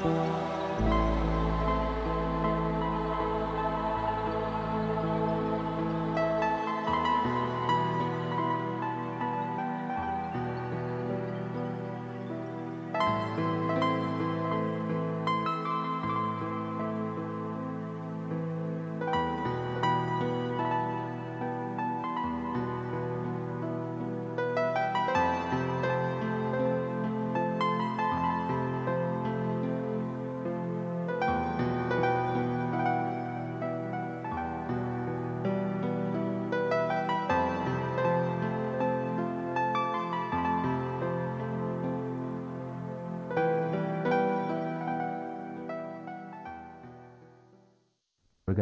Thank you.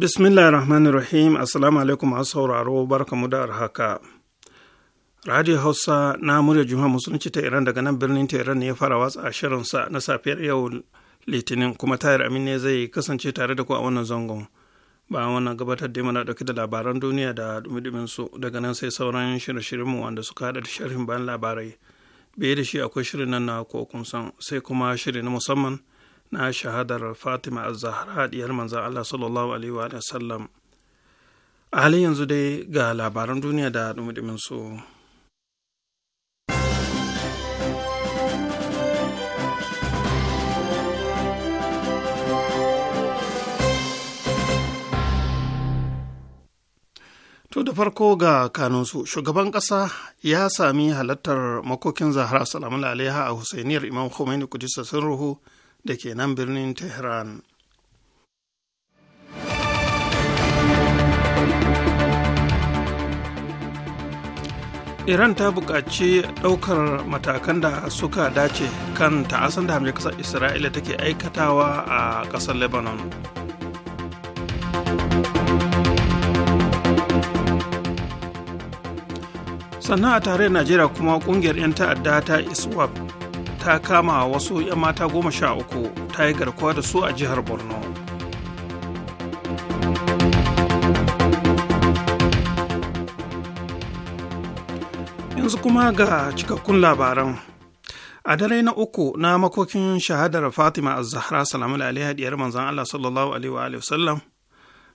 Bismillah rahmanir rahim assalamu alaikum masu sauraro mu da haka. Radio Hausa na murya Juma'a Musulunci ta Iran daga nan birnin Tehran ne ya fara watsa shirinsa na safiyar yau Litinin kuma Tahir Amin ne zai kasance tare da ku a wannan zangon. Ba wannan gabatar da mana dauke da labaran duniya da dumi su daga nan sai sauran shirye-shiryenmu wanda suka hada da sharhin bayan labarai. bai da shi akwai shirin nan na kokun san sai kuma shiri na musamman na shahadar fatima az-zahra diyar manzan allah sallallahu alaihi wa sallam a halin yanzu dai ga labaran duniya da dumudumin su To da farko ga kanunsu, shugaban ƙasa ya sami halartar makokin Zahra Salamu Alaiha a Husainiyar Imam Khomeini Kudisa sun ruhu da ke nan birnin Tehran. Iran ta buƙaci ɗaukar matakan da suka dace kan ta'asan da hamle ƙasar Isra'ila take aikatawa a ƙasar Lebanon. sannan a tare najeriya kuma ƙungiyar 'yan ta'adda ta iswap ta kama wasu 'yan mata goma sha uku ta yi garkuwa da su a jihar borno yanzu kuma ga cikakkun labaran a dare na uku na makokin shahadar fatima az-zahra salamu alaiha diyar manzan allah sallallahu alaihi wa sallam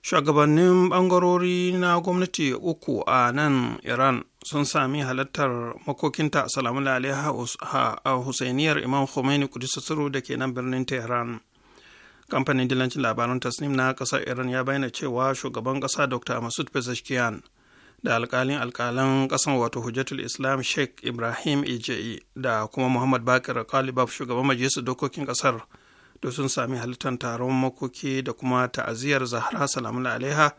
shugabannin bangarori na gwamnati uku a nan iran sun sami halartar makokinta a salamu a husainiyar imam khomeini kudisa da ke nan birnin tehran kamfanin dilancin labaran tasnim na kasar iran ya bayyana cewa shugaban kasa dr masud pezeshkian da alkalin alkalan kasan wato hujjatul islam sheikh ibrahim ije da kuma muhammad bakir kalibaf shugaban majalisar dokokin kasar da sun sami halittar taron makoki da kuma ta'aziyar zahra salamu alaiha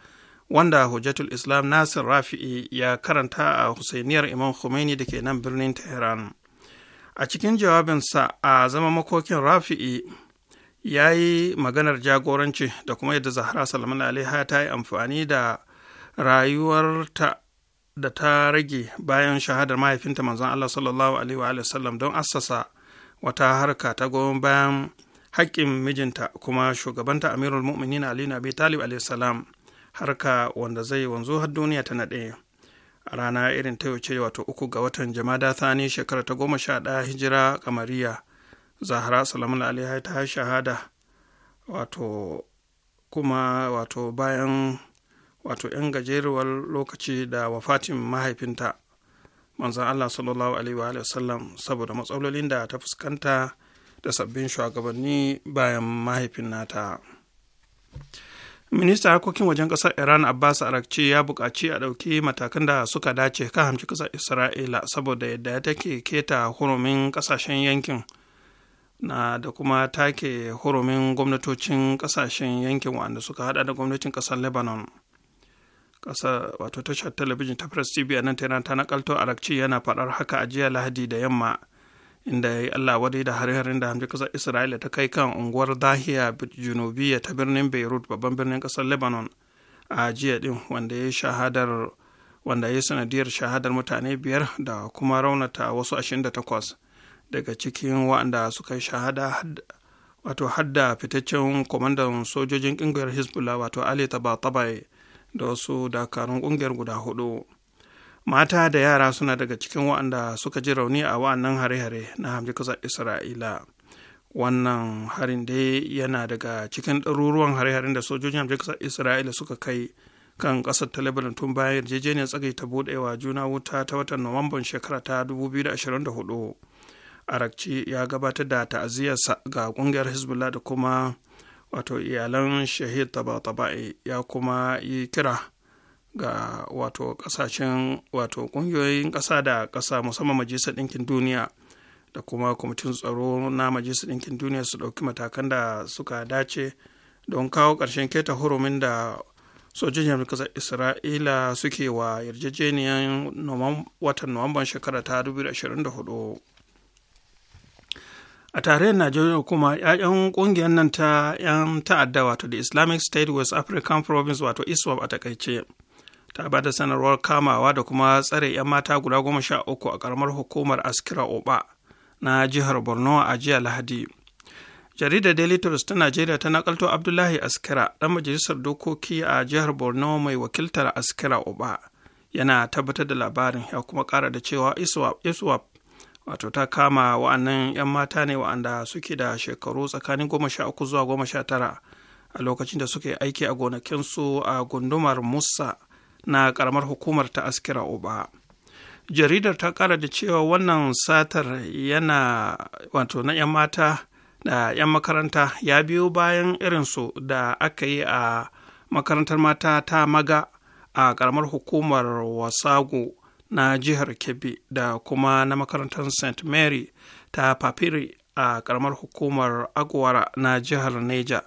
wanda hujjatul islam nasir rafi'i ya karanta a husainiyar imam khomeini da ke nan birnin tehran a cikin jawabinsa a zama makokin rafi'i ya yi maganar jagoranci da kuma yadda zahra salman alaiha ta yi amfani da rayuwarta da ta rage bayan shahadar mahaifinta manzon allah sallallahu alaihi wa sallam don assasa wata harka ta goyon bayan haƙƙin mijinta kuma shugabanta amirul mu'minin ali na talib alaihi salam harka wanda zai wanzu har duniya ta naɗe a rana irin ta yau wato uku ga watan jama'a thani shekara ta goma sha ɗaya hijira kamariya zahra salamun alaiha ta shahada wato kuma wato bayan wato 'yan gajeruwar lokaci da wafatin mahaifinta manzan allah sallallahu alaihi wa sallam saboda matsalolin da ta fuskanta da sabbin shugabanni bayan mahaifin nata. Ministan harkokin wajen ƙasar Iran Abbas Arakci ya buƙaci a ɗauki matakan da suka dace kan hamci ƙasar Isra'ila saboda yadda ya take keta hurumin ƙasashen yankin na da kuma take hurumin gwamnatocin ƙasashen yankin wanda suka hada da gwamnatin ƙasar Lebanon. Ƙasar wato tashar talabijin ta Press TV a nan yana ta nakalto Arakci yana faɗar haka a jiya Lahadi da yamma. inda ya yi Allah wadai da hare-haren da hamji kasar Isra'ila ta kai kan unguwar Dahiya Junubiya ta birnin Beirut babban birnin kasar Lebanon a jiya din wanda ya shahadar wanda ya sanadiyar shahadar mutane biyar da kuma raunata wasu 28 daga cikin waɗanda suka shahada wato hadda fitaccen kwamandan sojojin ƙungiyar Hezbollah wato Ali Tabatabai da wasu dakarun ƙungiyar guda hudu. mata da yara suna daga cikin waɗanda suka ji rauni a wa'annan hare-hare na hamji ƙasar isra'ila wannan harin dai yana daga cikin ɗaruruwan hare-haren da sojojin hamji ƙasar isra'ila suka kai kan ƙasar ta tun bayan yarjejeniyar tsagai ta buɗewa juna wuta ta watan nuwamban shekara ta 2024 arakci ya gabatar da ta'aziyarsa ga ƙungiyar hezbollah da kuma wato iyalan shahid taba-taba'i ya kuma yi kira ga wato kasashen wato kungiyoyin ƙasa da ƙasa musamman majalisar ɗinkin duniya da kuma kwamitin tsaro na majalisar ɗinkin duniya su ɗauki matakan da suka dace don kawo ƙarshen keta hurumin da sojin ƙasar isra'ila suke wa yarjejeniyar watan nuwamban shekara ta 2024 a tarayyar najeriya kuma 'ya'yan ƙungiyar nan ta 'yan ta'adda wato the islamic state west african province wato iswap a takaice ta ba da sanarwar kamawa da kuma tsare 'yan mata guda goma sha uku a karamar hukumar askira oba na jihar borno a jiya lahadi jaridar daily trust ta najeriya ta nakalto abdullahi askira dan majalisar dokoki a jihar borno mai wakiltar askira oba yana tabbatar da labarin ya kuma kara da cewa iswap wato ta kama wa'annan 'yan mata ne wa'anda suke da shekaru tsakanin goma sha uku zuwa goma sha tara a lokacin da suke aiki a gonakinsu a gundumar musa na karamar hukumar ta askira uba jaridar ta kara da cewa wannan satar yana wato na 'yan mata da 'yan makaranta ya biyo bayan irinsu da aka yi a makarantar mata ta maga a karamar hukumar wasago na jihar kebbi da kuma na makarantar st mary ta papiri a karamar hukumar agwara na jihar neja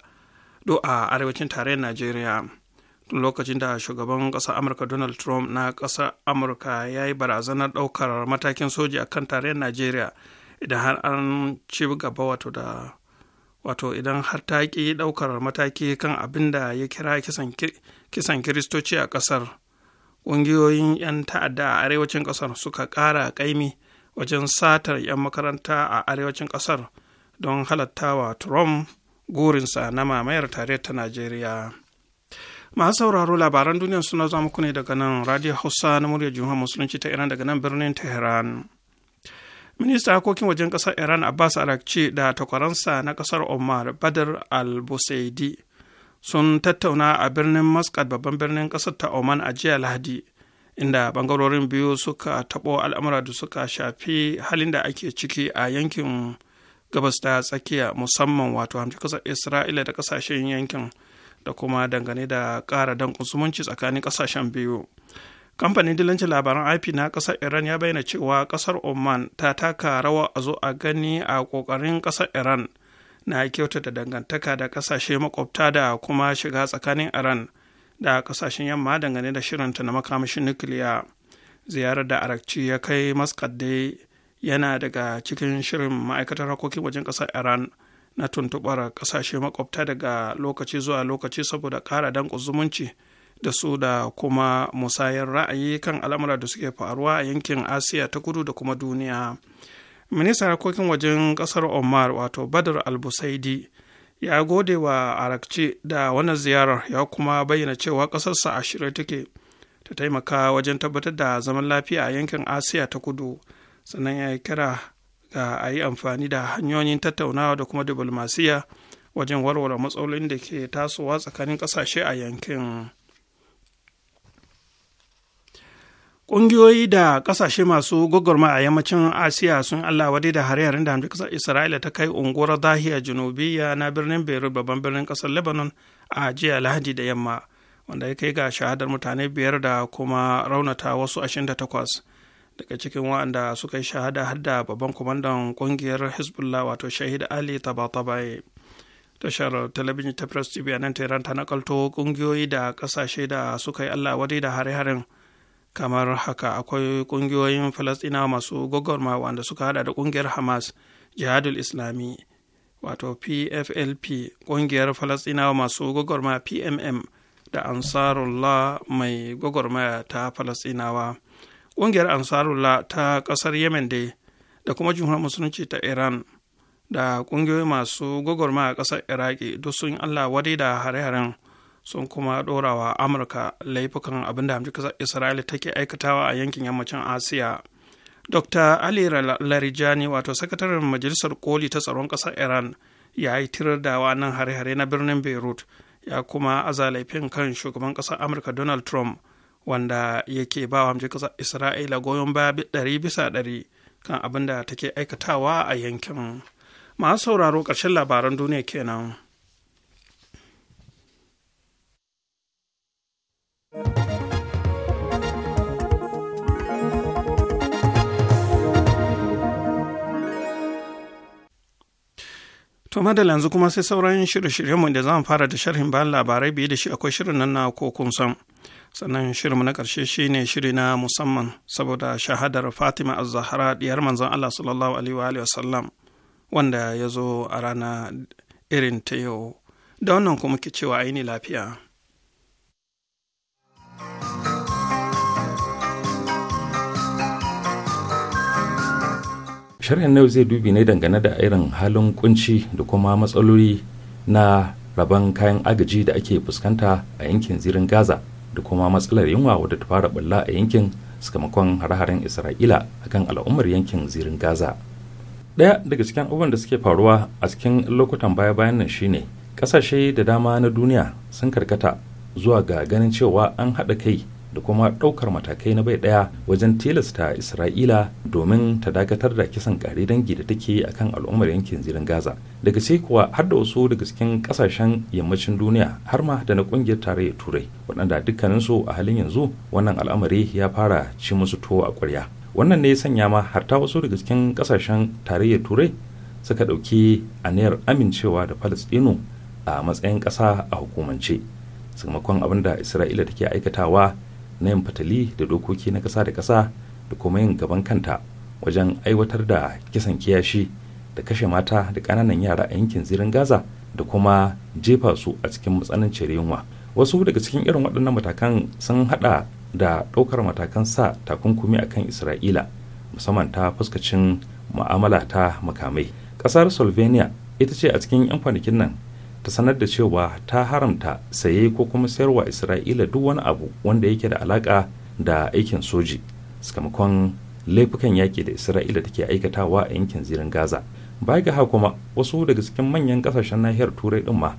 do a arewacin tarayyar najeriya lokacin da shugaban ƙasar amurka donald trump na ƙasar amurka ya yi barazanar ɗaukar matakin soji a kan tarayyar najeriya idan har an ci gaba wato da wato idan har ta ƙi ɗaukar mataki kan abin da ya kira kisan kiristoci a ƙasar ƙungiyoyin 'yan ta'adda a arewacin ƙasar suka ƙara ƙaimi wajen satar 'yan makaranta a arewacin ƙasar don halatta wa trump gurinsa na mamayar tare ta najeriya masu sauraro labaran duniya suna zama ne daga nan radio hausa na murya jihar musulunci ta iran daga nan birnin tehran minista harkokin wajen kasar iran abbas arakci da takwaransa na kasar omar badar al-busaidi sun tattauna a birnin muscat babban birnin kasar ta oman a jiya lahadi inda bangarorin biyu suka tabo al'amura da suka shafi halin da ake ciki a yankin gabas ta tsakiya musamman wato hamci kasar isra'ila da kasashen yankin da kuma dangane da ƙara dankon zumunci tsakanin ƙasashen biyu kamfanin dilancin labaran ip na ƙasar iran ya bayyana cewa ƙasar oman ta taka rawa a zo a gani a ƙoƙarin ƙasar iran na da dangantaka da ƙasashe makwabta da kuma shiga tsakanin iran da ƙasashen yamma dangane da shirinta na makamashin nukiliya ziyarar da arakci ya kai maskat dai yana daga cikin shirin ma'aikatar harkokin wajen ƙasar iran na tuntuɓar ƙasashe makwabta daga lokaci zuwa lokaci saboda ƙara danƙo zumunci da su da kuma musayar ra'ayi kan al'amura da suke faruwa a yankin asiya ta kudu da kuma duniya ministan harkokin wajen ƙasar omar wato badar albusaidi ya gode wa arakci da wannan ziyarar ya kuma bayyana cewa ƙasarsa a shirye take ta taimaka wajen tabbatar da zaman lafiya a yankin asiya ta kudu sannan ya yi kira da a yi amfani da hanyoyin tattaunawa da kuma diplomasiya wajen warware matsalolin da ke tasowa tsakanin kasashe a yankin ƙungiyoyi da ƙasashe masu gwagwarma a yammacin asiya sun allah wade da hare-haren da hamdu ƙasar isra'ila ta kai unguwar zahiya junubiya na birnin beirut babban birnin ƙasar lebanon a jiya lahadi da yamma wanda ya kai ga shahadar mutane biyar da kuma raunata wasu takwas. daga cikin waɗanda suka yi shahada har da babban kwamandan ƙungiyar hezbollah wato shahid ali tabatabai tashar talabijin ta press tv a nan tehran ta nakalto ƙungiyoyi da ƙasashe da suka yi allah wadai da hare-haren kamar haka akwai ƙungiyoyin falastinawa masu gwagwarma wanda suka hada da ƙungiyar hamas jihadul islami wato pflp ƙungiyar falastinawa masu gwagwarma pmm da ansarullah mai gwagwarmaya ta falastinawa ƙungiyar ansarullah ta ƙasar yemen dai da kuma jumhuriyar musulunci ta iran da ƙungiyoyi masu gwagwarma a ƙasar iraki duk sun allah wadai da hare-haren sun kuma ɗorawa amurka laifukan abin da hamji ƙasar isra'ila take aikatawa a yankin yammacin asiya dr ali larijani wato sakataren majalisar koli ta tsaron ƙasar iran ya yi tirar da wannan hare-hare na birnin beirut ya kuma aza laifin kan shugaban ƙasar amurka donald trump wanda yake ba wa ƙasa, isra'ila goyon baya ɗari bisa ɗari kan abin da take aikatawa a yankin masu sauraro ƙarshen labaran duniya kenan. To madalla yanzu kuma sai sauran shirye-shiryenmu da zan fara da sharhin bayan labarai biyu da shi akwai shirin nan na ko san. sannan shirinmu na ƙarshe shine shiri na musamman saboda shahadar fatima az-zahra diyar manzon allah sallallahu alaihi wa sallam wanda ya zo a rana irin ta yau da wannan kuma ke cewa aini lafiya sharhin yau zai dubi ne dangane da irin halin kunci da kuma matsaloli na rabon kayan agaji da ake fuskanta a yankin zirin gaza da kuma matsalar yunwa wadda ta fara bulla a yankin sakamakon hare-haren isra'ila akan al'ummar yankin zirin gaza ɗaya daga cikin abubuwan da suke faruwa a cikin lokutan baya-bayan nan shine ƙasashe da dama na duniya sun karkata zuwa ga ganin cewa an haɗa kai da kuma ɗaukar matakai na bai ɗaya wajen tilasta isra'ila domin ta dakatar da kisan ƙare dangi da take a kan al'ummar yankin zirin gaza daga sai kuwa har da wasu daga cikin ƙasashen yammacin duniya har ma da na ƙungiyar tarayyar turai waɗanda dukkaninsu a halin yanzu wannan al'amari ya fara ci musu tuwo a kwarya wannan ne ya sanya ma har ta wasu daga cikin ƙasashen tarayyar turai suka ɗauki aniyar amincewa da falastinu a matsayin ƙasa a hukumance sakamakon abin da isra'ila take aikatawa na yin fatali da dokoki na ƙasa da ƙasa da kuma yin gaban kanta wajen aiwatar da kisan kiyashi da kashe mata da ƙananan yara a yankin zirin gaza da kuma jefa su a cikin matsanancin yunwa wasu daga cikin irin waɗannan matakan sun haɗa da ɗaukar matakan sa takunkumi a kan isra'ila musamman ta fuskacin ma'amala ta makamai ƙasar slovenia ita ce a cikin 'yan kwanakin nan ta sanar da cewa ta haramta saye ko kuma sayarwa isra'ila duk wani abu wanda yake da alaka da aikin soji sakamakon laifukan yaƙi da isra'ila take aikatawa a yankin zirin gaza baya ga kuma wasu daga cikin manyan kasashen nahiyar turai din ma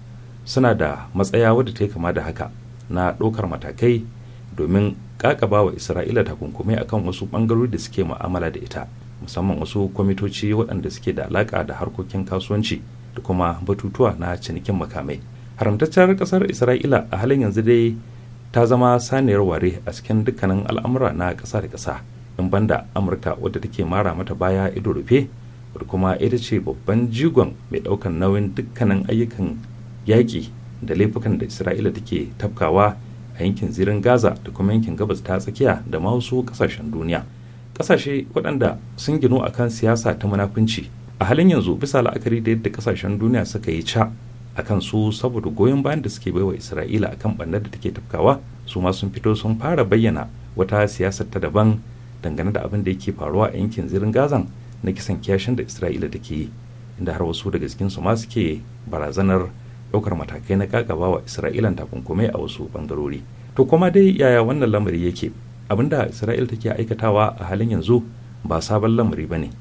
suna da matsaya wadda ta yi kama da haka na ɗaukar matakai domin kakaba wa isra'ila takunkumi akan wasu ɓangarori da suke mu'amala da ita musamman wasu kwamitoci waɗanda suke da alaƙa da harkokin kasuwanci da kuma batutuwa na cinikin makamai haramtaccen kasar isra'ila a halin yanzu dai ta zama saniyar ware a cikin dukkanin al'amura na ƙasa da ƙasa in banda amurka wadda take mara mata baya ido rufe wadda kuma ita ce babban jigon mai ɗaukan nauyin dukkanin ayyukan yaƙi da laifukan da isra'ila take tafkawa a yankin zirin gaza da kuma yankin gabas ta tsakiya da ma wasu ƙasashen duniya ƙasashe waɗanda sun ginu akan siyasa ta munafunci a halin yanzu bisa la'akari da yadda kasashen duniya suka yi ca a kan su saboda goyon bayan da suke baiwa isra'ila a kan ɓannar da take tafkawa su ma sun fito sun fara bayyana wata siyasar ta daban dangane da abin da yake faruwa a yankin zirin gazan na kisan kiyashin da isra'ila take yi inda har wasu daga cikinsu ma suke barazanar ɗaukar matakai na kakaba wa isra'ilan takunkumai a wasu bangarori to kuma dai yaya wannan lamari yake abinda isra'ila take aikatawa a halin yanzu ba sabon lamari ba ne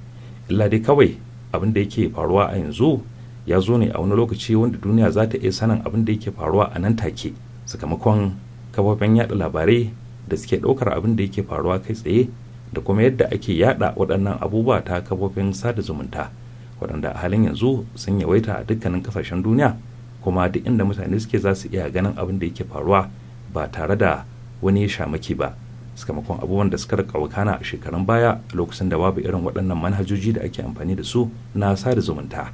illa dai kawai abin da yake faruwa a yanzu ya zo ne a wani lokaci wanda duniya za ta iya sanin abin da yake faruwa a nan take sakamakon kafafen yada labarai da suke ɗaukar abin da yake faruwa kai tsaye da kuma yadda ake yada waɗannan abubuwa ta kafofin sada zumunta waɗanda a halin yanzu sun yawaita a dukkanin kasashen duniya kuma duk inda mutane suke za su iya ganin abin da yake faruwa ba tare da wani shamaki ba sakamakon abubuwan da suka rika wakana a shekarun baya lokacin da babu irin waɗannan manhajoji da ake amfani da su na sada zumunta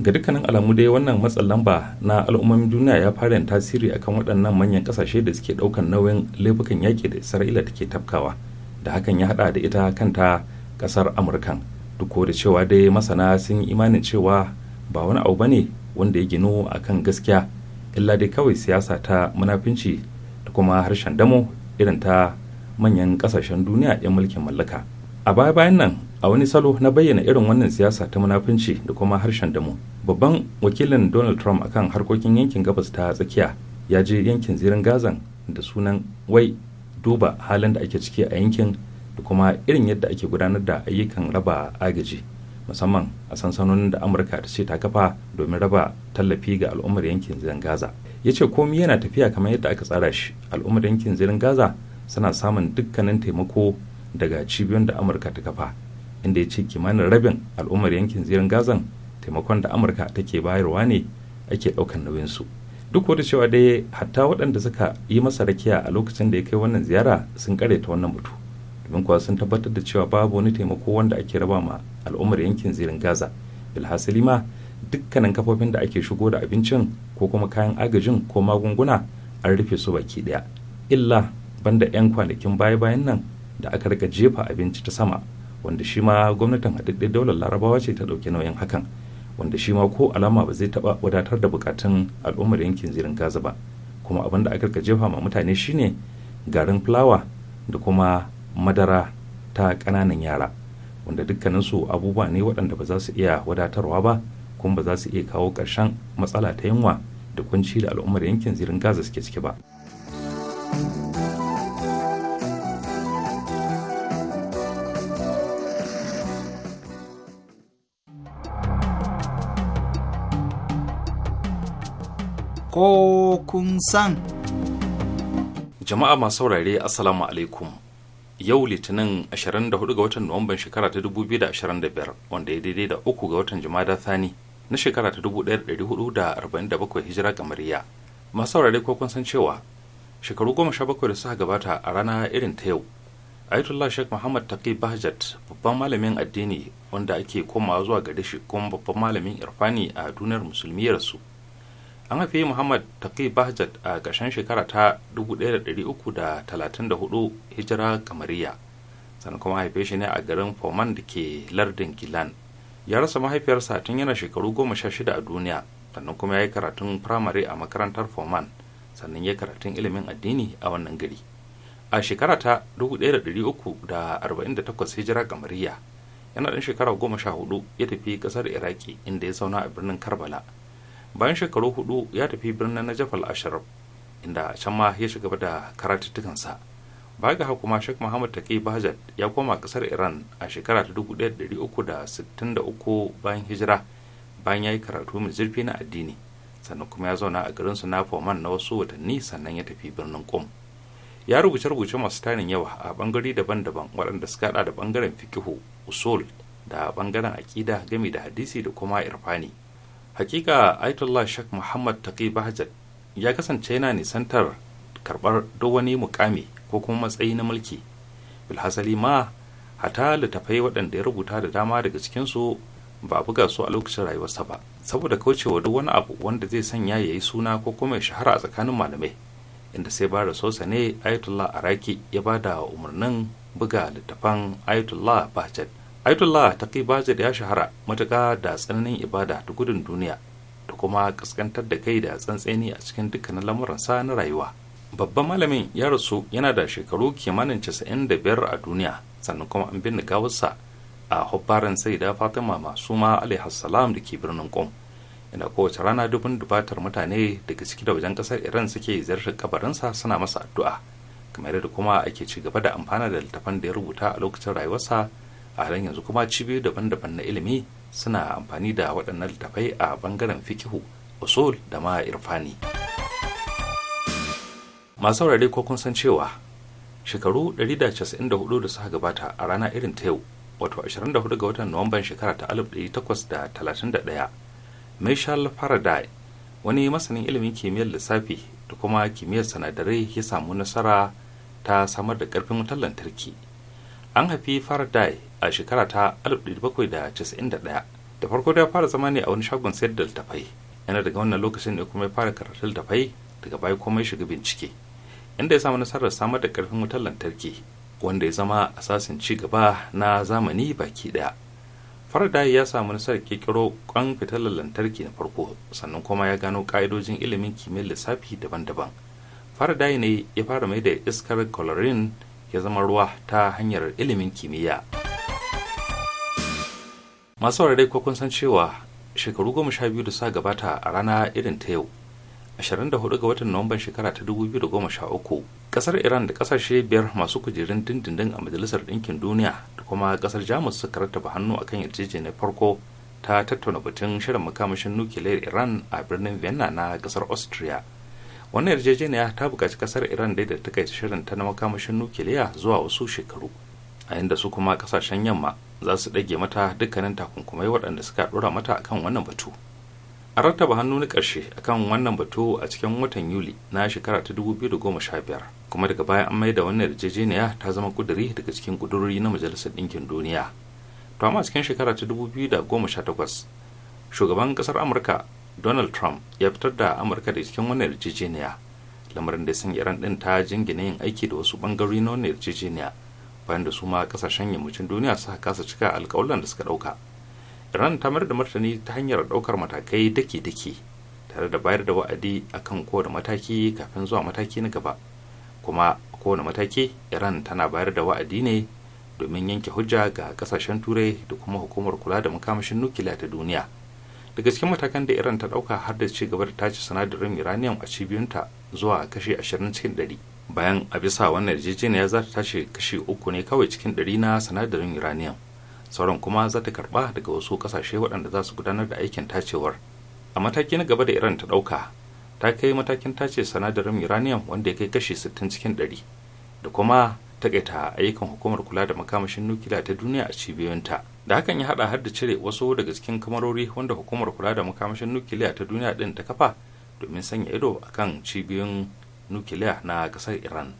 ga dukkanin alamu dai wannan matsin lamba na al'ummomin duniya ya fara yin tasiri akan waɗannan manyan ƙasashe da suke ɗaukan nauyin laifukan yaƙi da isra'ila take tafkawa da hakan ya haɗa da ita kanta ƙasar amurkan duk da cewa dai masana sun yi imanin cewa ba wani abu bane wanda ya gino akan gaskiya illa dai kawai siyasa ta munafinci da kuma harshen damo irin ta manyan kasashen duniya 'yan mulkin mallaka a baya bayan nan a wani salo na bayyana irin wannan siyasa ta munafunci da kuma harshen damu babban wakilin donald trump akan harkokin yankin gabas ta tsakiya ya je yankin zirin gazan da sunan wai duba halin da ake ciki a yankin da kuma irin yadda ake gudanar da ayyukan raba agaji musamman a sansanonin da amurka ta ce ta kafa domin raba tallafi ga al'ummar yankin zirin gaza ya ce komi yana tafiya kamar yadda aka tsara shi al'ummar yankin zirin gaza suna samun dukkanin taimako daga cibiyoyin da amurka ta kafa inda ya ce kimanin rabin al'ummar yankin zirin gazan taimakon da amurka take bayarwa ne ake ɗaukan nauyinsu duk wata cewa dai hatta waɗanda suka yi masa rakiya a lokacin da ya kai wannan ziyara sun kare ta wannan mutu domin kuwa sun tabbatar da cewa babu wani taimako wanda ake raba ma al'ummar yankin zirin gaza bilhassali ma dukkanin kafofin da ake shigo da abincin ko kuma kayan agajin ko magunguna an rufe su baki daya illa banda 'yan kwanakin baya-bayan nan da aka rika jefa abinci ta sama wanda shi ma gwamnatin haɗaɗɗen daular larabawa ce ta ɗauki nauyin hakan wanda shi ma ko alama ba zai taɓa wadatar da bukatun al'ummar yankin zirin gaza ba kuma abin da aka rika jefa ma mutane shine garin fulawa da kuma madara ta ƙananan yara wanda dukkaninsu abubuwa ne waɗanda ba za su iya wadatarwa ba kuma ba za su iya kawo ƙarshen matsala ta yunwa da kunci da al'ummar yankin zirin gaza suke ciki ba. ko kun san. Jama'a masu saurare Assalamu alaikum. Yau Litinin 24 ga watan Nuwamban shekara ta 2025 wanda ya daidai da uku ga watan Jumada Thani na shekara ta 1447 hijira kamariya. Masu saurare ko kun san cewa shekaru goma sha bakwai da suka gabata a rana irin ta yau. Ayatollah Sheikh Muhammad Taqi Bahjat babban malamin addini wanda ake komawa zuwa gare shi kuma babban malamin irfani a duniyar musulmiyar su. an haife muhammad taqi bahjat a ƙarshen shekara ta 1334 hijira kamariya sannan kuma haife shi ne a garin foman da ke lardin gilan ya rasa mahaifiyarsa tun yana shekaru goma sha shida a duniya sannan kuma ya yi karatun firamare a makarantar foman sannan ya karatun ilimin addini a wannan gari a shekara ta 1348 hijira kamariya yana ɗan shekara goma sha hudu ya tafi ƙasar iraki inda ya zauna a birnin karbala bayan shekaru hudu ya tafi birnin na jafal asharaf inda can ma ya shiga da karatuttukansa baya ga kuma Sheikh Muhammad Taqi bajad ya koma kasar Iran a shekara ta 1363 bayan hijira bayan ya yi karatu mai zurfi na addini sannan kuma ya zauna a garin su na Foman na wasu watanni sannan ya tafi birnin kum ya rubuce rubuce masu tanin yawa a bangare daban-daban waɗanda suka hada da bangaren fikihu usul da bangaren aƙida gami da hadisi da kuma irfani hakika Aitullah shak muhammad taqi bahjat ya kasance yana nisantar karbar duk wani mukami ko kuma matsayi na mulki bilhassali ma hata littafai waɗanda ya rubuta da dama daga cikinsu ba a buga su a lokacin rayuwarsa ba saboda kaucewa duk wani abu wanda zai sanya ya yi suna ko kuma ya shahara a tsakanin malamai inda sai ba da sosa ne Aitullah araki ya ba da umarnin buga littafan Aitullah bahjat Aidullah ta kai bajir ya shahara matuƙa da tsananin ibada ta gudun duniya da kuma kaskantar da kai da tsantseni a cikin dukkanin lamuransa na rayuwa. Babban malamin ya rasu yana da shekaru kimanin casa'in da biyar a duniya sannan kuma an binne gawarsa a hubbaran sai da Fatima masu ma salam da ke birnin Qom. Ina kowace rana dubin dubatar mutane daga ciki da wajen kasar Iran suke ziyartar kabarinsa suna masa addu'a. Kamar da kuma ake ci gaba da amfana da littafan da ya rubuta a lokacin rayuwarsa a halin yanzu kuma cibiyoyi daban-daban na ilimi suna amfani da waɗannan littafai a bangaren fikihu usul da ma irfani masu saurare ko kun san cewa shekaru 194 da suka gabata a rana irin ta yau wato 24 ga watan nuwamban shekara ta 1831 michel faraday wani masanin ilimin kimiyyar lissafi da kuma kimiyyar sanadarai ya samu nasara ta samar da karfin wutar lantarki an haifi faraday a shekara ta 1791 da farko da ya fara zama ne a wani shagon sayar da littafai yana daga wannan lokacin ne kuma ya fara karatun littafai daga baya kuma ya shiga bincike inda ya samu nasarar samar da karfin wutar lantarki wanda ya zama asasin ci gaba na zamani baki daya faraday ya samu nasarar kirkiro kwan fitilar lantarki na farko sannan kuma ya gano ka'idojin ilimin kimiyyar lissafi daban-daban faraday ne ya fara mai da iskar chlorine ya zama ruwa ta hanyar ilimin kimiyya masu warare ko kun san cewa shekaru goma sha biyu da sa gabata a rana irin ta yau 24 ga watan nuwamban shekara ta 2013 kasar iran da kasashe biyar masu kujerun dindindin a majalisar ɗinkin duniya da kuma kasar jamus suka rattaba hannu akan yarjejeniyar farko ta tattauna batun shirin makamashin nukiliyar iran a birnin vienna na kasar austria wannan yarjejeniya ta bukaci kasar iran da ta kai shirin ta na makamashin nukiliya zuwa wasu shekaru a inda su kuma kasashen yamma za su ɗage mata dukkanin takunkumai waɗanda suka ɗora mata akan wannan batu a rattaba hannu na ƙarshe akan wannan batu a cikin watan yuli na shekara ta biyar, kuma daga baya an maida wannan yarjejeniya ta zama kuduri daga cikin kudurori na majalisar ɗinkin duniya to amma cikin shekara ta 2018 shugaban ƙasar amurka donald trump ya fitar da amurka da cikin wannan yarjejeniya lamarin da sun iran ɗin ta jingina yin aiki da wasu ɓangarori na wannan yarjejeniya bayan da su ma kasashen yammacin duniya suka kasa cika alkawalan da suka dauka iran ta mayar da martani ta hanyar ɗaukar matakai dake-dake tare da bayar da wa'adi akan kowane mataki kafin zuwa mataki na gaba kuma kowane mataki iran tana bayar da wa'adi ne domin yanke hujja ga kasashen turai da kuma hukumar kula da makamashin nukiliya ta duniya daga cikin matakan da iran ta ɗauka har da ci gaba da tace sinadarin uranium a cibiyunta zuwa kashi 20 cikin 100 bayan a bisa wannan ya za ta tashi kashi uku ne kawai cikin ɗari na sinadarin uranium sauran kuma za ta karba daga wasu kasashe waɗanda za su gudanar da aikin tacewar a mataki na gaba da iran ta ɗauka ta kai matakin tace sinadarin uranium wanda ya kai kashi 60 cikin ɗari da kuma takaita ayyukan hukumar kula da makamashin nukiliya ta duniya a cibiyoyinta da hakan ya hada har da cire wasu daga cikin kamarori wanda hukumar kula da makamashin nukiliya ta duniya ɗin ta kafa domin sanya ido akan cibiyoyin nukiliya na ƙasar iran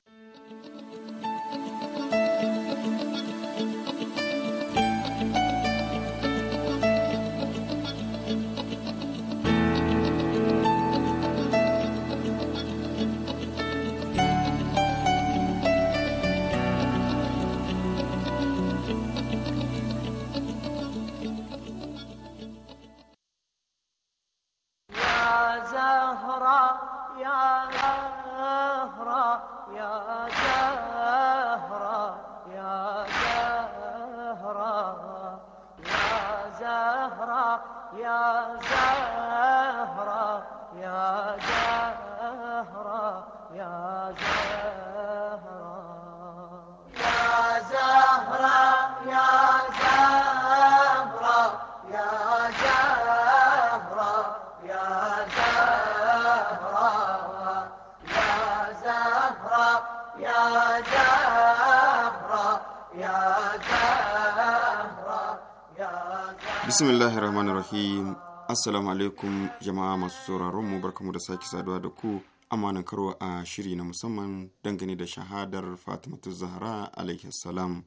alaikum jama'a masu sauraron mu barkamu da sake saduwa da ku amanan karo a shiri na musamman dangane da shahadar Fatimatu zahara alaihi salam.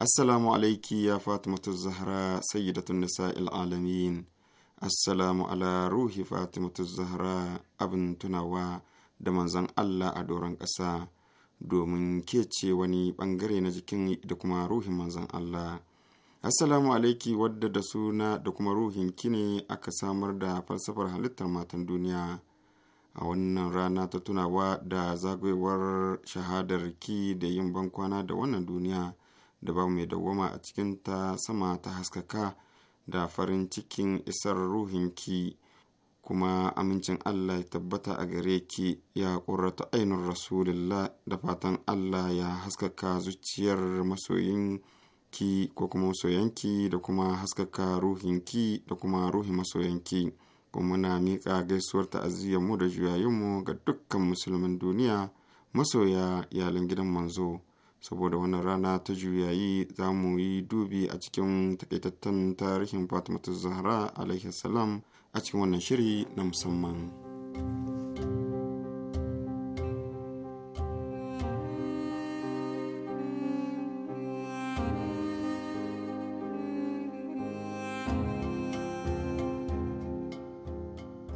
Assalamu alaiki ya Fatimatu Zahra sayyidatun nisa alamin. Assalamu ala ruhi Fatimatu zahara abin tunawa da manzan Allah a doron ƙasa domin ke ce wani bangare na jikin da kuma ruhin manzan Allah. assalamu alaiki wadda da suna da kuma ruhin kine aka samar da falsafar halittar matan duniya a wannan rana ta tunawa da zagayowar shahadar ki da yin bankwana da wannan duniya da ba mai dawwama a cikin ta sama ta haskaka da farin cikin isar ruhin ki kuma amincin Allah ya tabbata a gare ki ya ƙurrata ainihin rasulullah da fatan Allah ya haskaka zuciyar masoyin ki ko kuma masoyanki da kuma haskaka ruhinki da kuma ruhin masoyanki kuma muna miƙa gaisuwar mu da juyayinmu ga dukkan musulmin duniya masoya iyalan gidan manzo saboda wannan rana ta juyayi za mu yi dubi a cikin takaitattun tarihin fatimatu zahra a cikin wannan shiri na musamman.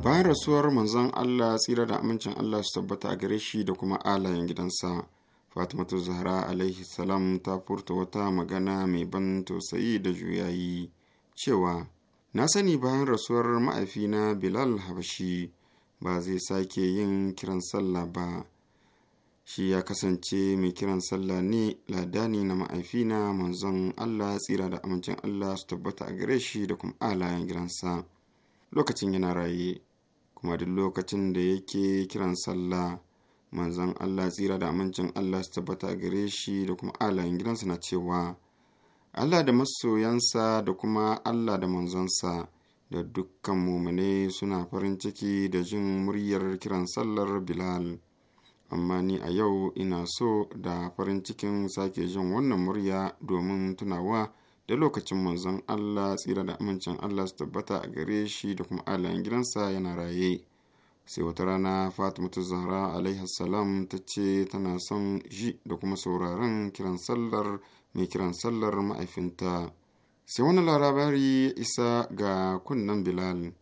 bayan rasuwar manzon Allah tsira da amincin Allah su tabbata a gare shi da kuma alayen gidansa Fatimatu Zahra alaihi salam ta furta wata magana mai ban tausayi da juyayi cewa na sani bayan rasuwar ma'afina Bilal Habashi ba zai sake yin kiran sallah ba shi ya kasance mai kiran sallah ne ladani na ma'afina manzon Allah tsira da amincin Allah su tabbata a gare shi da kuma alayen gidansa lokacin yana raye kuma duk lokacin da yake kiran sallah manzon Allah tsira da amincin Allah su tabbata gare shi da kuma alayin gidansa na cewa Allah da masoyansa da kuma Allah da manzonsa da dukkan mumune suna farin ciki da jin muryar kiran sallar Bilal amma ni a yau ina so da farin cikin sake jin wannan murya domin tunawa da lokacin manzon Allah tsira da amincin Allah su tabbata a gare shi da kuma alayen gidansa yana raye sai wata rana Fatima ta zahra alaihi salam ta ce tana son ji da kuma sauraron kiran sallar mai kiran sallar ma'aifinta sai wani larabari ya isa ga kunnan bilal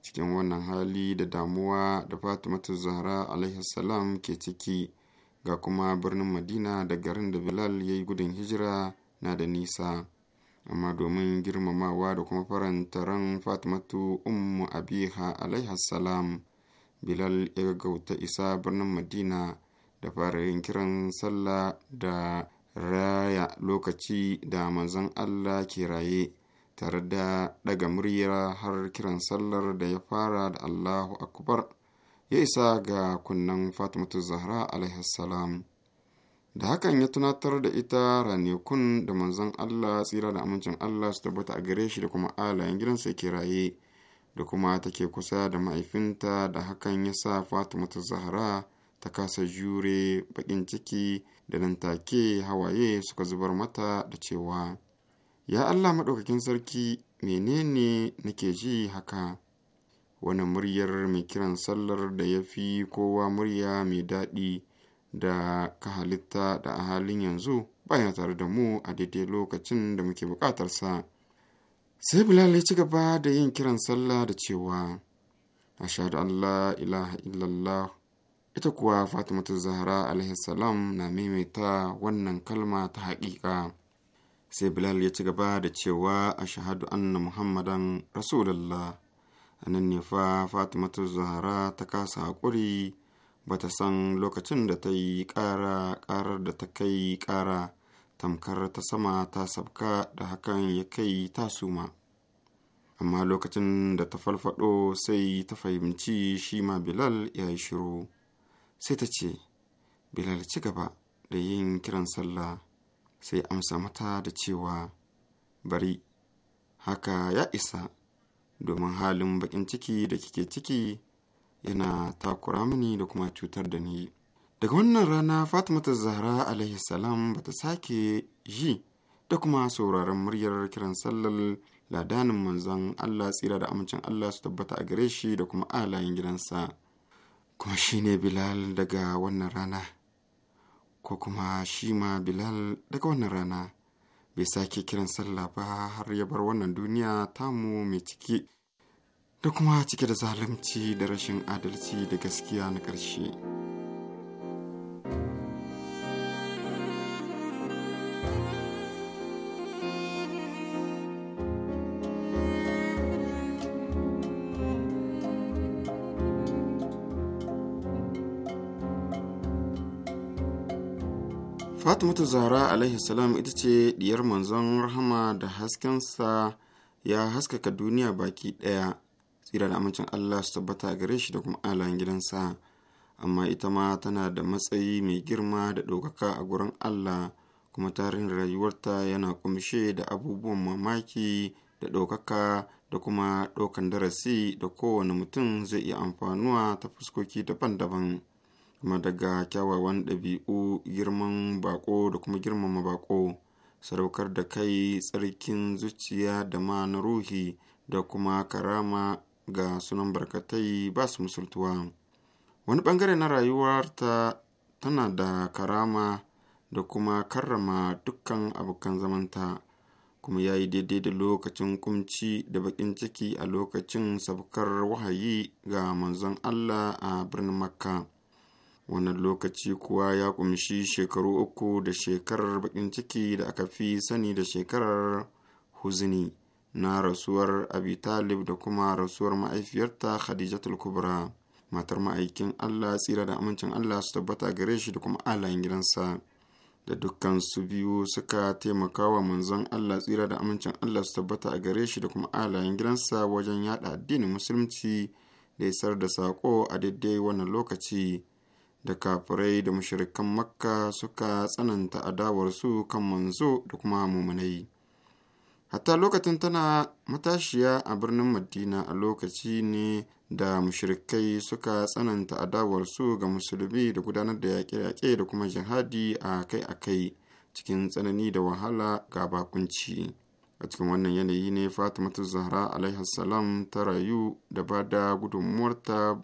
cikin wannan hali da damuwa da Fatima ta zahra alaihi salam ke ciki ga kuma birnin madina da garin da bilal ya yi gudun hijira na da nisa amma domin girmamawa da kuma faranta ran fatimatu ummu abiha alaiha salam bilal ya gauta isa birnin madina da fara yin kiran sallah da raya lokaci da manzon allah ke raye tare da daga murya har kiran sallar da ya fara da allahu akbar ya isa ga kunnen fatimatu zahra alaihi salam da hakan ya tunatar da ita ranekun, da manzon Allah tsira da amincin Allah su tabbata a gare shi da kuma alayen gidansa ke raye da kuma take kusa da mahaifinta da hakan ya sa Fatima ta Zahra ta kasa jure bakin ciki da nan take hawaye suka zubar mata da cewa ya Allah maɗaukakin sarki menene nake ji haka wani muryar mai kiran sallar da ya fi kowa murya mai daɗi da ka halitta da a halin yanzu baya tare da mu a daidai lokacin da muke sa. Sai Bilal ya ci gaba da yin kiran sallah da cewa, Ashadu Allah ilaha illallah, ita kuwa Fatimatu Zahra alaihi salam na maimaita wannan kalma ta haƙiƙa. Sai Bilal ya ci gaba da cewa, Ashadu anna Muhammadan Rasulullah, a nan ne fa Fatimatu Zahra ta kasa haƙuri bata san lokacin da ta yi ƙara ƙarar da ta kai ƙara tamkar ta sama ta sabka da hakan ya kai ta suma amma lokacin da ta falfado sai ta fahimci shi ma bilal ya yi shiru sai ta ce bilal ci gaba da yin kiran sallah sai amsa mata da cewa bari haka ya isa domin halin bakin ciki da kike ciki yana takura mini da kuma cutar da ni daga wannan rana fatimata zahra alaihi salam bata sake yi da kuma sauraron muryar kiran sallar ladanin manzon allah tsira da amincin allah su tabbata a gare shi da kuma alayin gidansa kuma shi ne bilal daga wannan rana ko kuma shi ma bilal daga wannan rana bai sake kiran sallah ba har ya bar wannan duniya tamu mai ciki da kuma cike da zalunci da rashin adalci da gaskiya na ƙarshe. Fatimatu Zahra alaihi salam ita ce diyar manzon rahama da haskensa ya haskaka duniya baki ɗaya. tsira da amincin Allah su tabbata gare shi da kuma alayin gidansa amma ita ma tana da matsayi mai girma da ɗaukaka a gurin Allah kuma tarihin rayuwarta yana kumshe da abubuwan mamaki da ɗaukaka da kuma ɗaukan darasi da kowane mutum zai iya amfanuwa ta fuskoki daban-daban kuma daga kyawawan ɗabi'u girman bako da kuma girmama bako sadaukar da kai tsarkin zuciya da ma na ruhi da kuma karama ga sunan barkatai ba su musultuwa wani bangare na rayuwarta tana da karama da kuma karrama dukkan abokan zamanta kuma ya yi daidai da lokacin kumci da bakin ciki a lokacin sabkar wahayi ga manzon Allah a birnin Makka. Wannan lokaci kuwa ya kumshi shekaru uku da shekarar bakin ciki da aka fi sani da shekarar huzini na rasuwar abi talib da kuma rasuwar ma'aifiyarta khadijatul kubra matar ma'aikin allah tsira da amincin allah su tabbata gare shi da kuma alayin gidansa da dukkan su biyu suka taimaka wa manzon allah tsira da amincin allah su tabbata a gare shi da kuma alayin gidansa wajen yada addinin musulunci da isar da saƙo a daidai wannan lokaci da kafirai da mashirikan makka suka tsananta adawarsu kan manzo da kuma mumunai hatta lokacin tana matashiya a birnin madina a lokaci ne da mushirikai suka tsananta adawarsu ga musulmi da gudanar da yaƙe-yaƙe da kuma jihadi a kai a kai cikin tsanani da wahala ga bakunci a cikin wannan yanayi ne fatimatu zahra alaihassalam ta rayu da ba da gudunmuwarta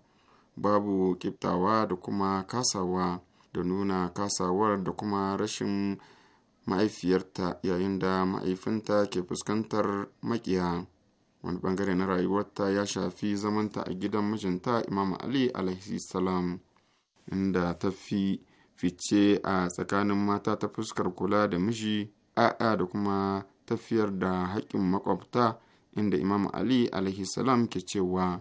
babu kiftawa da kuma kasawa da nuna kasawar da kuma rashin mahaifiyarta yayin da mahaifinta ke fuskantar makiya wani bangare na rayuwarta ya shafi zamanta a gidan mijinta imam ali alaihi salam inda ta fi fice a tsakanin mata ta fuskar kula da miji a'a da kuma tafiyar da haƙƙin makwabta inda imam ali alaihi salam ke cewa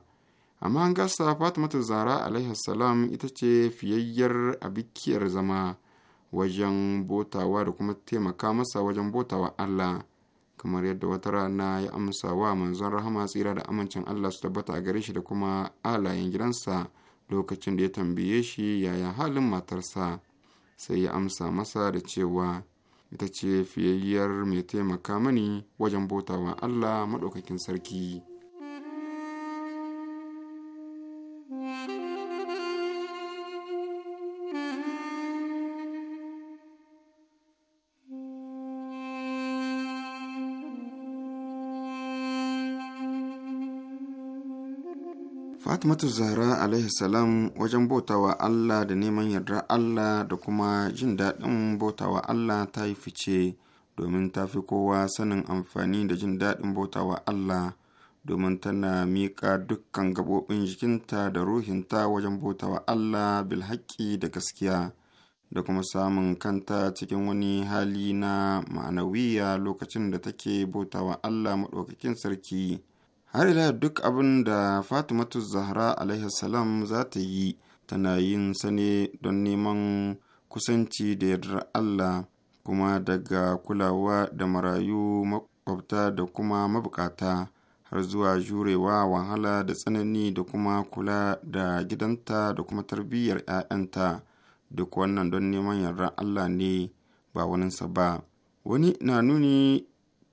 amma an gasa fatimatu zara alaihi salam ita ce fiyayyar a bikiyar zama wajen botawa da kuma taimaka masa wajen botawa Allah kamar yadda wata rana ya amsa wa manzon rahama tsira da amincin Allah su tabbata a gare shi da kuma alayen gidansa lokacin da ya tambaye shi yaya halin matarsa sai ya amsa masa da cewa ita ce fiyayyar mai taimaka mani wajen botawa Allah maɗaukakin sarki. Fatimatu Zahra alaihi salam wajen bautawa Allah da neman yarda Allah da kuma jin daɗin bautawa Allah ta yi fice domin ta fi kowa sanin amfani da jin daɗin bautawa Allah domin tana miƙa dukkan gaɓoɓin jikinta da ruhinta wajen bautawa Allah bilhaƙi da gaskiya da kuma samun kanta cikin wani hali na ma'anawiya lokacin da take bautawa Allah maɗaukakin sarki. har ila duk abin da fatimatu zahra alaihi za ta yi tana yin sane don neman kusanci da yardar allah kuma daga kulawa da marayu makwabta da kuma mabukata har zuwa jurewa wahala da tsanani da kuma kula da gidanta da kuma tarbiyyar 'ya'yanta duk wannan don neman yardar allah ne ba waninsa ba wani na nuni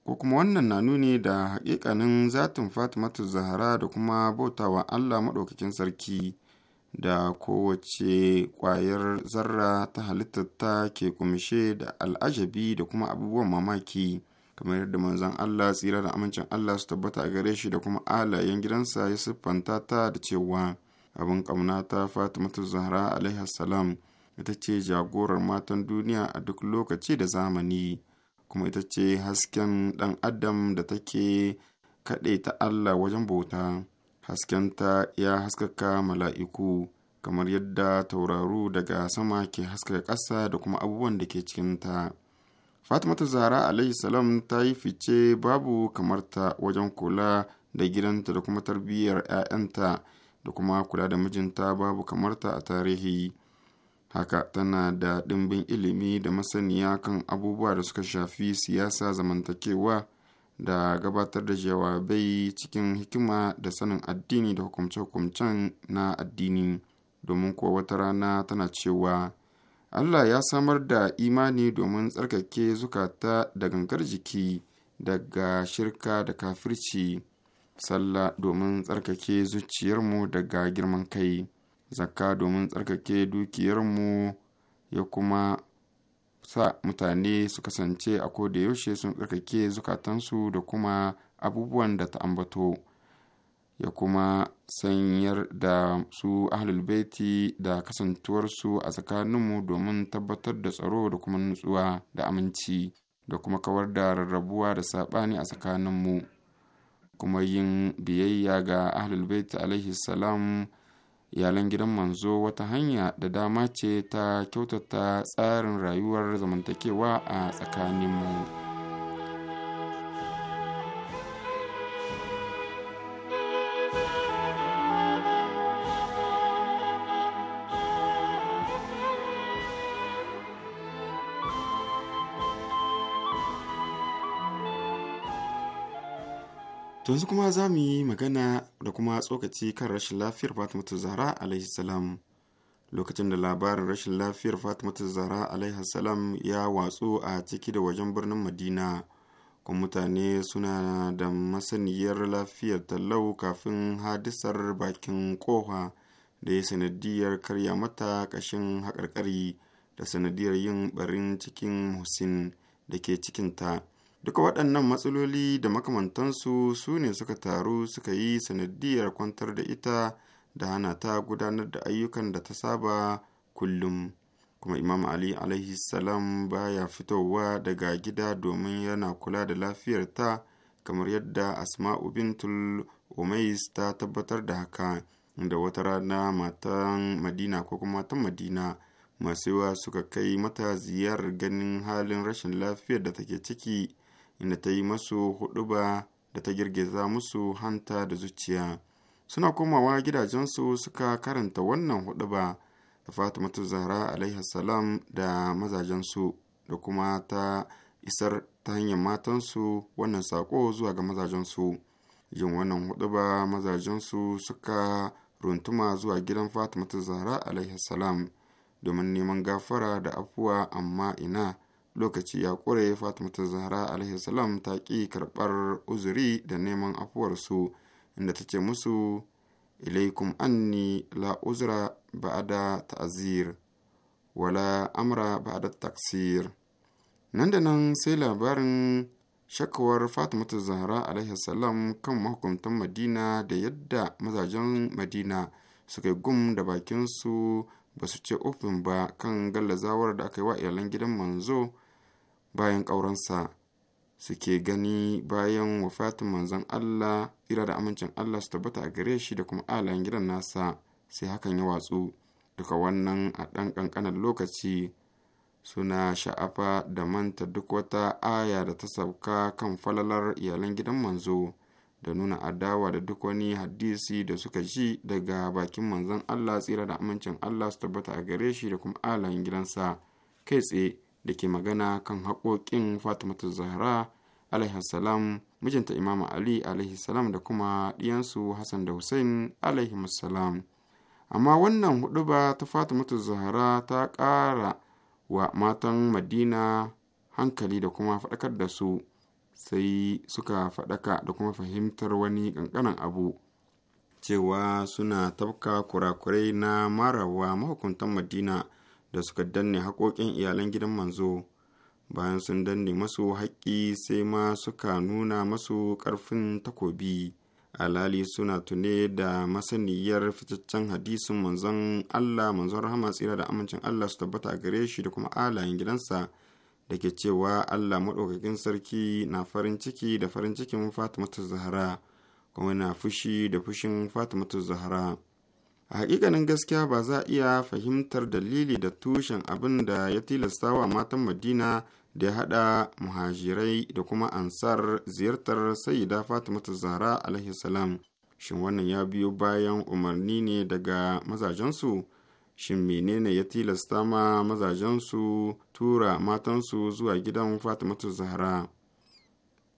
ko kuma wannan na nuni da hakikanin zatin fatimatu zahara da kuma bautawa allah maɗaukakin sarki da kowace kwayar zarra ta ta ke kumishe da al'ajabi da kuma abubuwan mamaki kamar yadda manzon allah tsira da amincin allah su tabbata a gare shi da kuma alayen gidansa ya siffanta ta da cewa abin ta fatimatu zahra alaihi ita ce jagorar matan duniya a duk lokaci da zamani kuma ita ce hasken ɗan adam da take kaɗe ta Allah wajen bauta haskenta ya haskaka mala'iku kamar yadda tauraru daga sama ke haskaka ƙasa da kuma abubuwan da ke cikinta ta zara alayhi salam ta yi fice babu kamarta wajen kula da gidanta da kuma tarbiyyar 'ya'yanta da kuma kula da mijinta babu kamarta a tarihi haka tana da ɗimbin ilimi da masaniya kan abubuwa da suka shafi siyasa zamantakewa da gabatar da jawabai cikin hikima da sanin addini da hukumce-hukumcen na addini domin kuwa wata rana tana cewa Allah ya samar da imani domin tsarkake zukata da gangar jiki daga shirka da kafirci sallah domin tsarkake zuciyarmu daga girman kai zakka domin tsarkake dukiyarmu ya kuma sa mutane su kasance a koda yaushe sun tsarkake zukatansu da kuma abubuwan da ta ambato ya kuma sanyar da su ahlul baiti da kasantuwarsu a tsakaninmu domin tabbatar da tsaro da kuma nutsuwa da aminci da kuma kawar da rarrabuwa da saɓani a tsakaninmu kuma yin biyayya ga ahlul baiti alaihi salam iyalan gidan manzo wata hanya da dama ce ta kyautata tsarin rayuwar zamantakewa a tsakaninmu. To yanzu kuma za mu yi magana da kuma tsokaci kan rashin lafiyar Fatimatu Zahra alaihi salam. Lokacin da labarin rashin lafiyar Fatimatu Zahra alaihi salam ya watsu a ciki da wajen birnin Madina, kuma mutane suna da masaniyar lafiyar talau kafin hadisar bakin koha da ya sanadiyar karya mata ƙashin haƙarƙari da sanadiyar yin barin cikin Hussein da ke cikinta. Duka waɗannan matsaloli da makamantansu su ne suka taru suka yi sanadiyar kwantar da ita da hana ta gudanar da ayyukan da ta saba kullum. Kuma Imam Ali alaihi salam baya fitowa daga gida domin yana kula da lafiyar ta kamar yadda Asma'u bintul Umais ta tabbatar da haka inda wata rana matan Madina ko kuma matan Madina masu yawa suka kai mata ziyarar ganin halin rashin lafiyar da take ciki inda ta yi masu huɗuba da ta girgiza musu hanta da zuciya suna komawa gidajensu suka karanta wannan huɗuba da fatimatu zahra alaihi salam da mazajensu da kuma ta isar ta hanyar matansu wannan sako zuwa ga mazajensu yin wannan huɗuba mazajensu suka runtuma zuwa gidan fatimatu zahra alaihi salam domin neman gafara da afuwa amma ina lokaci ya Fatima fatimata zahra alaihi salam ta ƙi karɓar uzuri da neman afuwarsu inda ta ce musu ilaikum anni la uzra ba'ada ta'azir wala amra ba'ada taksir nan da nan sai labarin shakawar fatimata zahra alaihi salam kan mahukuntan madina da yadda mazajen madina suka yi gum da bakinsu ba su ce ofin ba kan gallazawar da aka yi wa iyalan gidan manzo bayan ƙauransa suke gani bayan wafatin manzon Allah ira da amincin Allah su tabbata a gare shi da kuma alayen gidan nasa sai hakan ya watsu duka wannan a ɗan ƙanƙanar lokaci suna sha'afa da manta duk wata aya da ta sauka kan falalar iyalan gidan manzo da nuna adawa da duk wani hadisi da suka ji daga bakin manzon Allah tsira da amincin Allah su tabbata a gare shi da kuma alayen gidansa kai tsaye da ke magana kan haƙoƙin fatimatu zahra alaihi salam mijinta imamu ali alaihi salam da kuma ɗiyansu hassan da hussein alaihi salam amma wannan huɗuba ta fatimatu zahra ta ƙara wa matan madina hankali da kuma faɗakar da su sai suka faɗaka da kuma fahimtar wani ƙanƙanan abu cewa suna tafka kurakurai na marawa mahukuntan madina da suka danne haƙoƙin iyalan gidan manzo bayan sun danne masu haƙƙi sai ma suka nuna masu ƙarfin takobi alali suna tune da masaniyar fitaccen hadisin manzon Allah manzon rahama tsira da amincin Allah su tabbata a gare shi da kuma alayen gidansa da ke cewa Allah maɗaukakin sarki na farin ciki da farin cikin Fatimatu Zahara kuma na fushi da fushin Fatimatu Zahara a hakikanin gaskiya ba za a iya fahimtar dalili da tushen abin da ya tilasta wa matan madina da ya haɗa muhajirai da kuma ansar ziyartar sayyida fatimata zahra alaihi salam shin wannan ya biyo bayan umarni ne daga mazajensu shin menene ya tilasta ma mazajensu tura matansu zuwa gidan fatimatu zahra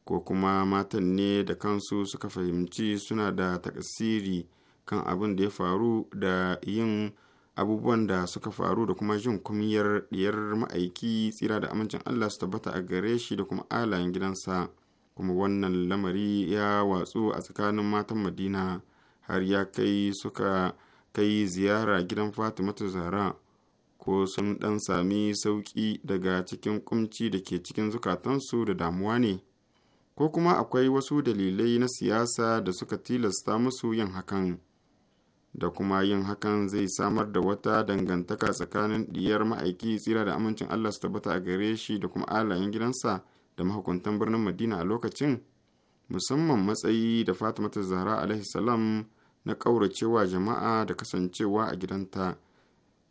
ko kuma matan ne da kansu suka fahimci suna da takasiri kan abin da ya faru da yin abubuwan da suka faru da kuma jin kumiyar diyar ma'aiki tsira da amincin Allah su tabbata a gare shi da kuma alayen gidansa kuma wannan lamari ya watsu a tsakanin matan madina har ya kai suka kai ziyara gidan fatimatu zahra ko sun ɗan sami sauƙi daga cikin kumci da ke cikin zukatansu da damuwa ne ko kuma akwai wasu dalilai na siyasa da suka tilasta musu yin hakan da kuma yin hakan zai samar da wata dangantaka tsakanin diyar ma'aiki tsira da amincin Allah su tabbata a gare shi da kuma alayen gidansa da mahukuntan birnin Madina a lokacin musamman matsayi da Fatima ta Zahra alaihi salam na ƙauracewa jama'a da kasancewa a gidanta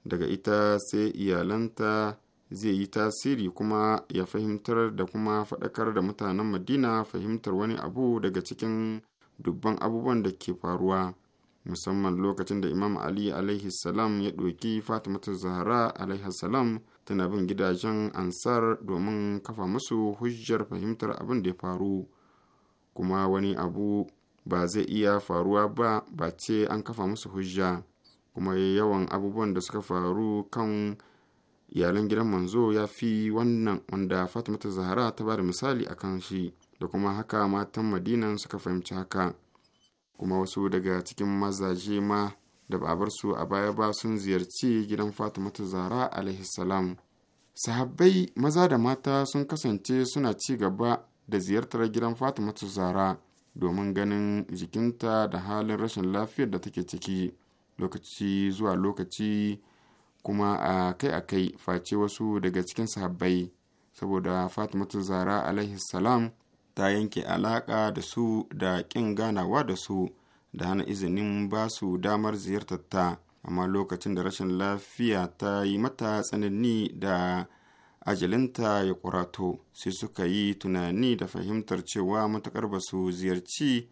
daga ita sai iyalanta zai yi tasiri kuma ya fahimtar da kuma faɗakar da mutanen Madina fahimtar wani abu daga cikin dubban abubuwan da ke faruwa musamman lokacin da imam ali alaihi salam ya ɗoki fatimatu zahra alaihi salam tana bin gidajen ansar domin kafa musu hujjar fahimtar abin da ya faru kuma wani abu ba zai iya faruwa ba ba ce an kafa musu hujja kuma yawan abubuwan da suka faru kan iyalan gidan manzo ya fi wannan wanda fatimatu zahra ta ba da misali a kan shi da kuma haka matan madinan suka fahimci haka kuma wasu daga cikin mazaje ma da babar su a baya ba sun ziyarci gidan ta zara alaihi salam sahabbai maza da mata sun kasance suna ci gaba da ziyartar gidan fatimatu zara domin ganin jikinta da halin rashin lafiyar da take ciki lokaci zuwa lokaci kuma a kai a kai face wasu daga cikin sahabbai saboda fatimatu zara alaihi salam ta yanke alaƙa da su da ƙin ganawa da su da hana izinin ba su damar ziyartar ta amma lokacin da rashin lafiya ta yi mata tsanani da ajalinta ya kurato sai suka yi tunani da fahimtar cewa matukar ba su ziyarci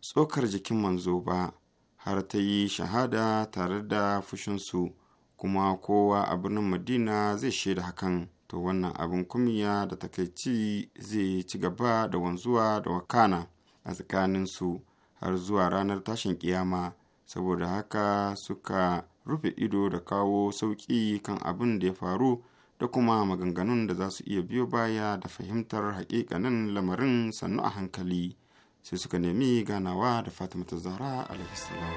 tsokar jikin manzo ba har ta yi shahada tare da fushinsu kuma kowa a birnin madina zai shaida hakan to wannan abin kumiya da takaici zai ci gaba da wanzuwa da wakana a tsakaninsu har zuwa ranar tashin kiyama saboda haka suka rufe ido da kawo sauƙi kan abin da ya faru da kuma maganganun da za su iya biyo baya da fahimtar haƙiƙanin lamarin sannu a hankali sai suka nemi ganawa da fatimata zahra alaihissalam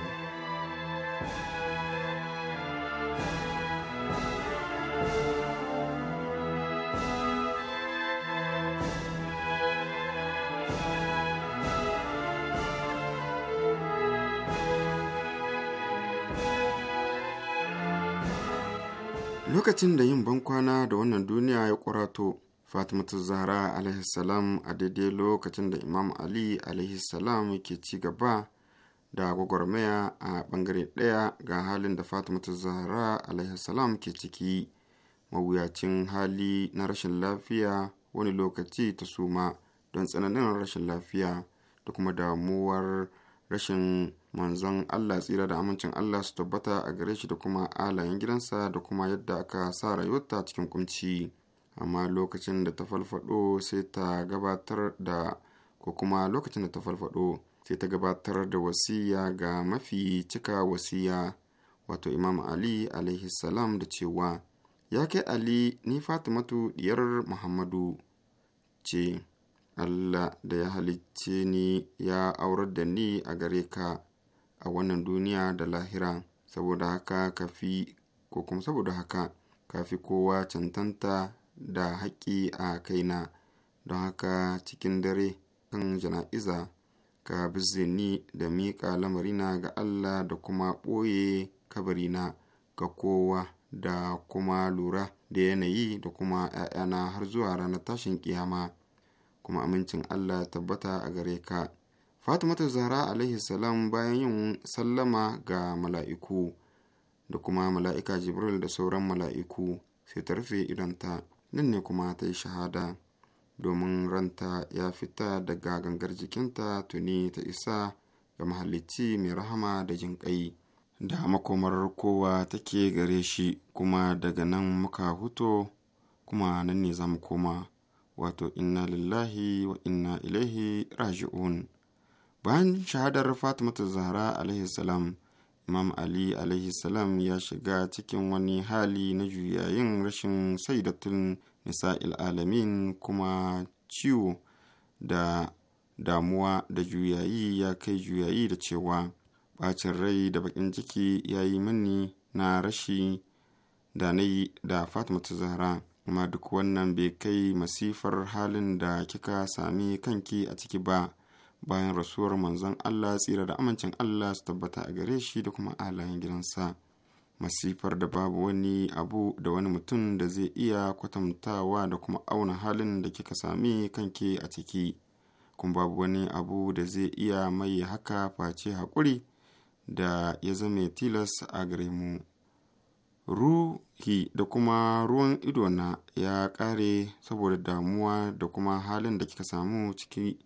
lokacin da yin bankwana da wannan duniya ya kurato fatimatu zahra alaihi a daidai lokacin da imam ali alaihi salam ke ci gaba da gwagwarmaya a bangare ɗaya ga halin da fatimatu zahra alaihi ke ciki mawuyacin hali na rashin lafiya wani lokaci ta suma don tsananin rashin lafiya da kuma damuwar rashin manzon Allah tsira da amincin Allah su tabbata a gare shi da kuma alayen gidansa da kuma yadda aka sa rayuwarta cikin kunci amma lokacin da ta falfado sai ta gabatar da ko kuma lokacin da ta falfado sai ta gabatar da wasiya ga mafi cika wasiya wato imam ali alaihi salam da cewa ya kai ali ni fatimatu diyar muhammadu ce allah da ya halicce ni ya aurar da ni a gare ka a wannan duniya da lahira saboda haka ka fi ko kuma saboda haka ka fi kowa cantanta da haƙƙi a kaina don haka cikin dare kan jana'iza ka bi zini da miƙa lamarina ga Allah da kuma ɓoye kabarina ga kowa da kuma lura da yanayi da kuma ‘ya'yana har zuwa ranar tashin ƙiyama kuma amincin Allah tabbata a gare ka fatimata zahra alaihi salam bayan yin sallama ga mala'iku da kuma mala'ika jibril da sauran mala'iku sai ta rufe idanta nan ne kuma ta yi shahada domin ranta ya fita daga gangar jikinta tuni ta isa ga mahalicci mai rahama da jin kai da makomar kowa take gare shi kuma daga nan muka huto kuma nan ne za mu koma wato inna lillahi wa inna ilaihi raji'un bayan shahadar fatimata zahra alaihi salam imam ali alaihi salam ya shiga cikin wani hali na juyayin rashin saidatun nisa'il alamin kuma ciwo da damuwa da juyayi ya kai juyayi da cewa bacin rai da bakin ciki ya yi mini na rashi da na yi da fatimata zahra kuma duk wannan bai kai masifar halin da kika sami kanki a ciki ba bayan rasuwar manzon Allah tsira da amincin Allah su tabbata a gare shi da kuma alayin gidansa masifar da babu wani abu da wani mutum da zai iya kwatantawa da kuma auna halin da kika sami kanke a ciki kuma babu wani abu da zai iya mai haka face haƙuri da ya zame tilas a gare mu ruhi da kuma ruwan idona ya ƙare saboda damuwa da kuma halin da kika samu ciki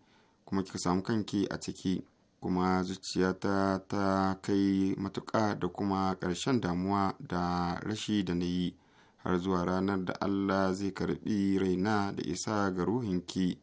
kuma kika samu kanki a ciki kuma zuciyata ta kai matuƙa da kuma ƙarshen damuwa da rashi da na yi har zuwa ranar da Allah zai karɓi raina da isa ga ruhinki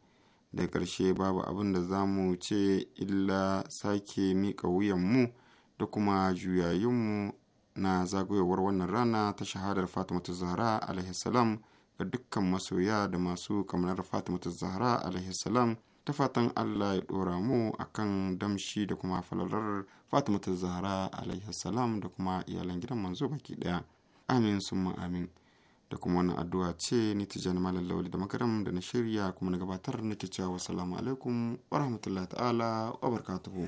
da ƙarshe babu abin da za mu ce illa sake miƙa wuyanmu da kuma juyayinmu na zagayowar wannan rana ta shahadar fatimatu zahra alaihi salam ga dukkan masoya da masu kamar fatimatu zahra alaihi salam ta fatan Allah ya ɗora mu akan damshi da kuma falalar fatima ta Zahra alaihi salam da kuma iyalan gidan manzo baki ɗaya. Amin summa amin. Da kuma wani addu'a ce ni Tijjani Malam Lawali da makaram da na shirya kuma na gabatar nake cewa wassalamu alaikum wa rahmatullahi ta'ala wa barakatuhu.